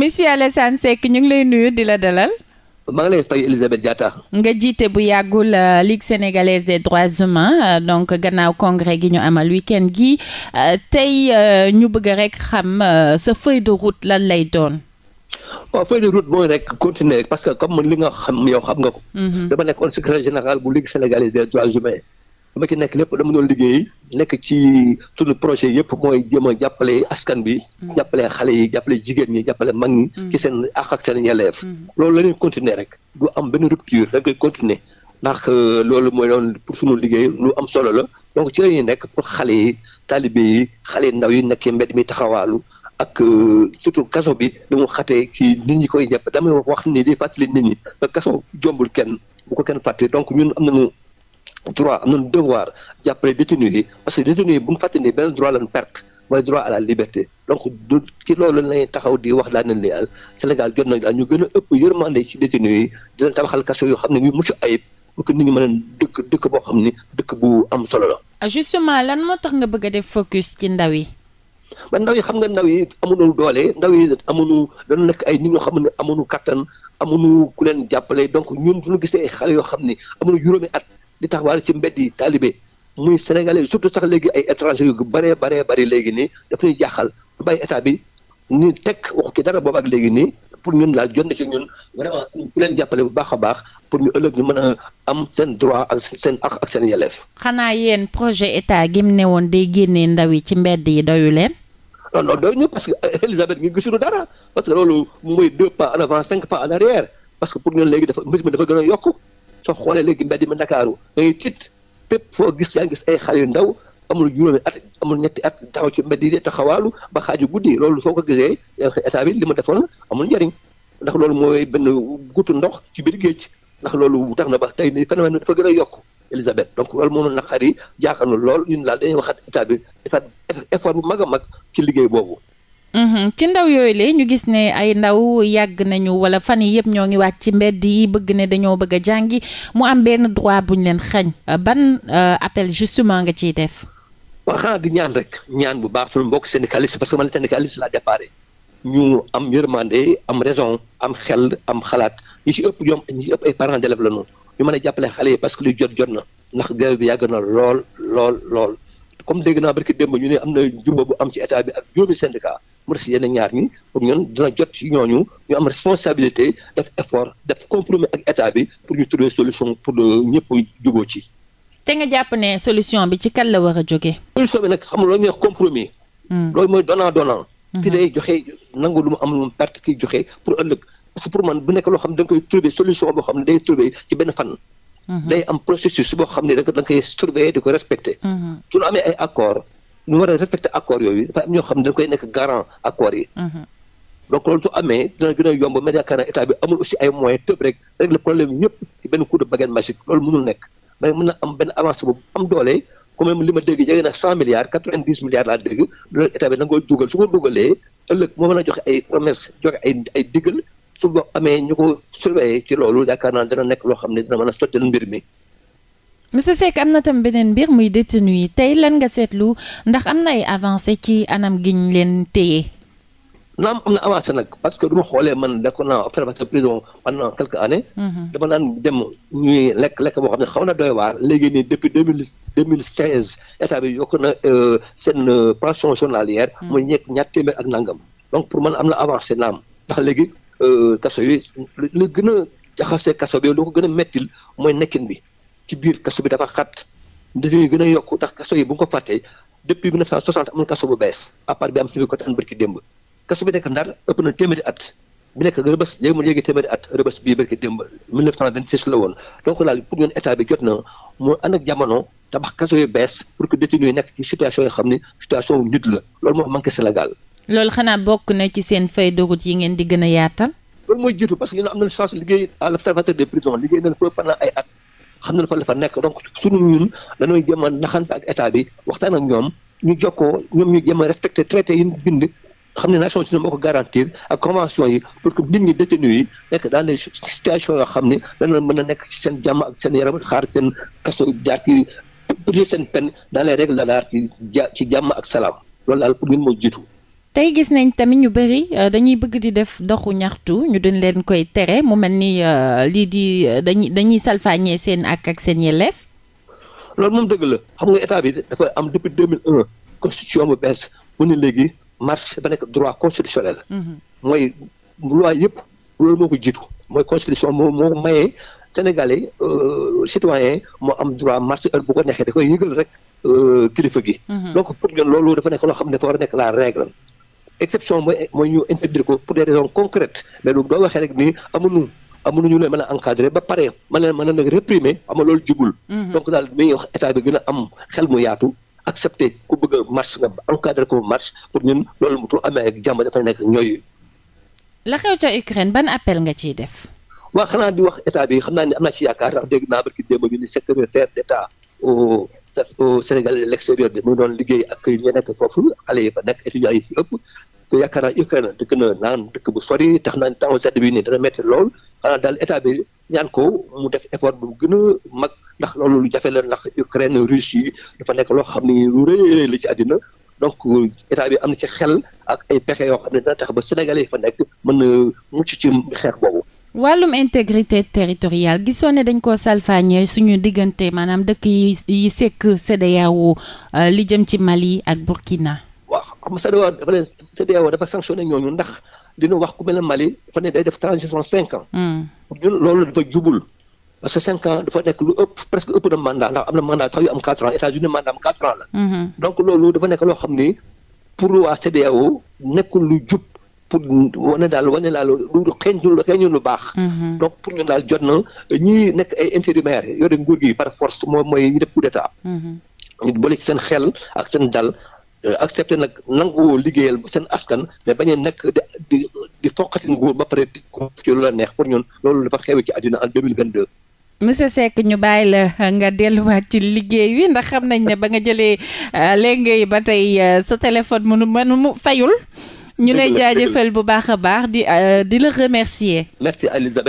monsieur Alassane Seck ñu ngi lay nuyu di la dalal. maa ngi lay fay Elisabeth Diatta. nga jiite bu yàggul euh, Ligue sénégalaise des droits humains euh, donc gannaaw congrès gi ñu amal week gi euh, tey ñu bëgg rek xam sa feuille de route lan lay doon. feuille de route mooy rek continuer parce que comme li nga xam yow xam nga ko. Mhm. dama nekk on secrétaire général bu Ligue sénégalaise des droits humains. ma ci nekk lépp dama doon liggéey nekk ci suñu projet yëpp mooy jéem a jàppale askan bi. Mm. jàppale xale yi jàppale jigéen ñi jàppale mag ñi. Mm. ci seen àq ak seen yelleef. Mm. loolu la ñuy continuer rek du am benn rupture dañ koy ndax euh, loolu mooy doon pour suñu liggéey lu am solo la donc ci la ñuy nekk pour xale yi taalibe yi xale ndaw yi nekkee mbedd mi taxawaalu. ak euh, surtout kaso bi li mu xatee kii nit ñi koy jàpp damay wax ni di fàttali nit ñi kaso jombul kenn bu ko kenn fàtte donc ñun am nañu droit am nañu devoir jàppale détenus yi parce que détenus yi bu ñu fàttali ni benn droit lañu perte mooy droit à la liberté donc du ci loolu lañuy taxaw di wax daan nañ ni al Sénégal jot nañ daal ñu gën a ëpp yërmande ci détenus yi di leen tabaxal kaso yoo xam ne ñu mucc ayib pour que nit ñi mën a dëkk dëkk boo xam ni dëkk bu am solo la. Ah, justement lan moo tax nga bëgg a def focus ci ndaw yi. ba ndaw yi xam nga ndaw yi amuñu doole ndaw yi amuñu dañu nekk ay nit ñoo xam ne amuñu kattan amuñu ku leen jàppale donc ñun suñu gisee xale yoo xam ni amuñu juróomi at di tax taxawaal ci mbedd yi talibe muy sénégalais surtout sax léegi ay étrangers yu bëree baree bëri léegi nii daf ñuy jaaxal bu bàyyi état bi ñu teg waxu ci dara boobu ak léegi nii pour ñun daal jot na ci ñun vraiment leen jàppale bu baax a baax pour ñu ëllëg ñu mën a am seen droit ak seen ak seen yelleef. xanaa yéen projet état gim ne woon day génnee ndaw yi ci mbedd yi doyu leen. non non doy ñu parce que eh, Elisabeth ngi gisuñu dara parce que loolu mooy deux pas en avant cinq pas en arrière parce que pour ñun léegi dafa mbir mi dafa gën a yokku. soo xoolee léegi mbedd mi Ndakaaru dangay tit pépp foo gis yaa gis ay xale yu ndaw amul juróomi at amul ñetti at taxaw ci mbedd yi di taxawaalu ba xaaju guddi loolu soo ko gisee état bi li mu defoon amul njariñ ndax loolu mooy benn gutu ndox ci biir géej ndax loolu tax na ba tey ni phénomène bi dafa gën a yokk Elisabeth donc loolu moom naqar yi jaaxal na lool ñun daal dañuy waxaat état bi defaat effort bu mag a mag ci liggéey boobu Mhm. ci ndaw yooyu la ñu gis ne ay ndaw yàgg nañu wala fan yi yëpp ñoo ngi wàcc ci mbedd yi bëgg ne dañoo bëgg a jàngi mu am benn droit bu ñu leen xañ euh, ban euh, appel justement nga ciy def. waaw xanaa di ñaan rek ñaan bu baax suñu mbokk syndicaliste parce que man syndicaliste laa déparé ñu am yërmande am raison am xel am xalaat ñu ci ëpp ñoom ñu ci ëpp ay parents d'élèves la ñu ñu mën a jàppale xale yi parce que lu jot jot na ndax grève yàgg na lool lool lool. comme dégg naa barki démb ñu ne am na jumba bu am ci état bi ak juróomi syndicat mu des yenn ñaar ñi pour ñun dina jot ci ñooñu ñu am responsabilité def effort def compromis ak état bi pour ñu trouver solution pour ñëpp juboo ci. te nga jàpp ne solution bi ci kan la war a jógee. solution bi nag xam nga loolu wax compromis. Hmm. loolu mooy donnant donnant. Hmm. ki day joxe nangu lu mu am lu mu perte ki joxe pour ëllëg parce que pour man bu nekk loo xam ne da nga koy trouver solution boo xam ne day trouver ci fan. Mhm. day am processus boo xam ne da nga surveiller di ko respecter. Mhm. su ñu amee ay accords ñu war a respecter yooyu dafa am ñoo xam ne dañ koy nekk garant accords yi. Mhm. donc loolu su amee dina gën a yomb mais yaakaar naa état bi amul aussi ay moyens na am benn avancée bu am doole. comme même li ma dégg jege na cent milliards quatre vingt dix milliards laa dégg loolu état bi da nga su ko dugalee ëllëg moo mën a joxe ay promesse joxe ay ay su boo amee ñu ko surveiller ci loolu yaakaar naa dina nekk loo xam ne dina mën a sottal mbir mi. monsieur Seck am na tam beneen mbir muy détenu yi tey lan nga seetlu ndax am na ay avancé ci anam giñ leen téye. naam am na avancé nag parce que du xoolee man nekkoon naa observateur prison pendant quelques années. Mhm. dama naan dem ñuy lekk lekk boo xam ne xaw na doy waar léegi nii depuis deux mille deux seize état bi yokk na euh, seen euh, pension journalière. mu ñekk ñaar téeméer ak nangam donc pour man am na avancé naam Euh, kaso yi lu gën a jaxasee kaso bi loo ko gën a mettil mooy nekkin bi ci biir kaso bi dafa xat dañuy gën a yokk ndax kaso yi bu nga ko fàttee depuis 1960 amul kaso bu bees à part bi am suñu côté an bërki démb kaso bi nekk ndar na téeméeri at bi nekk rëbës léegi mu léegi téeméeri at rëbës bii bërki démb 1926 la woon donc laal pour ñun état bi jot na mu ànd ak jamono tabax kaso yu bees pour que détenu yi nekk ci situation yoo xam ne situation wu nit la loolu moo manqué Sénégal loolu xanaa bokk na ci seen feuille de route yi ngeen di gën a yaatal. loolu mooy jiitu parce que ñun am nañu chance liggéey à l'observateur des prisons liggéey nañu foofu pendant ay at xam nañu fa la fa nekk donc suñu ñun dañooy jéem a naxante ak état bi waxtaan ak ñoom ñu jokkoo ñoom ñu jéem a respecté traité yi ñu xam ne Nations Unies moo ko garantir ak convention yi pour que nit ñi détenus yi nekk dans des yoo xam ne dana mën a nekk ci seen jàmm ak seen yaram xaar seen kaso jaar ci purgé seen peine dans les règles de l'art ci ci jàmm ak salaam loolu daal pour ñun mooy jiitu tey gis nañ tamit ñu bëri euh, dañuy bëgg di def doxu ñaxtu ñu dañ leen koy tere mu mel ni euh, lii di euh, dañuy dañuy salfaañee seen ak ak seen yelleef. loolu moom dëgg la xam nga état bi dafa am depuis 2001 constitution bu bees mu ne léegi marche ba nekk droit constitutionnel. Mhm. mooy loi yëpp loolu moo ko jiitu mooy constitution moo moo mayee sénégalais citoyen moo am droit marche heure bu ko neexee da yëgal rek kilifa gi. Mhm. donc pour ñun loolu dafa nekk loo xam ne a nekk exception mooy mooy ñu interdire ko pour des raisons concrètes mais lu nga waxee rek ñu leen mën a encadrer ba pare mën leen a nag réprimer ama loolu jubul. Mhm. donc daal mi wax état bi gën a am xel mu yaatu. accepté ku bëgg a marche nga encadré ko marche pour ñun loolu mu tur amee ak jàmm nekk ñooy. la xew ca Ukraine ban appel nga ciy def. waa xanaa di wax état bi xam naa am naa ci yaakaar ndax dégg naa barki démb ñu ni secrétaire d'état au Sénégal l'extérieur mu doon liggéey ak ñu nekk yi fa nekk te yaakaar naa Ukraine dëkk na naan dëkk bu sori tax naa temps sedd bi nii dana métti lool xanaa daal état bi ñaan ko mu def effort bu gën mag ndax loolu lu jafe la ndax Ukraine Russie yi dafa nekk loo xam ni lu ci àddina donc état bi am ci xel ak ay pexe yoo xam ne dina tax ba sénégalais yi fa nekk mën na mucc ci xeex boobu. wàllum intégrité territoriale gisoo ne dañ koo salfaañee suñu diggante maanaam dëkk yi yi sekk CEDEAO euh, li jëm ci Mali ak Burkina. comme CEDEAO dafa leen CEDEAO dafa sanctionné ñooñu ndax dina wax ku mel ne Mali dafa ne day def transition cinq ans. Mm. loolu dafa jubul. parce dafa nekk lu ëpp presque ëpp na mandat ndax am na mandat sax yu am quatre ans États-Unis mandat am quatre ans la. Mm-hmm. donc loolu dafa nekk loo xam ni lu jub. pour wane daal wane daal lu xeeñ lu xeeñ lu baax. Mm-hmm. donc pour ñu daal jot na ñi nekk ay intérimaires yore nguur gi par force mooy ñu def coup d'état. Mm-hmm. boole ci seen xel ak seen dal accepté nag nanguwoo liggéeyal seen askan mais bañ a nekk di di foqati nguur ba pare di ko ci la neex pour ñun loolu dafa xew ci àddina en deux mille vingt deux monsieur ñu bàyyi la nga delluwaat ci liggéey wi ndax xam nañ ne ba nga jëlee euh, léegi ba tey euh, sa téléphone mënu mënu mu fayul. ñu lay jaajëfal bu baax a baax di euh, di la remercier. merci Elisabeth.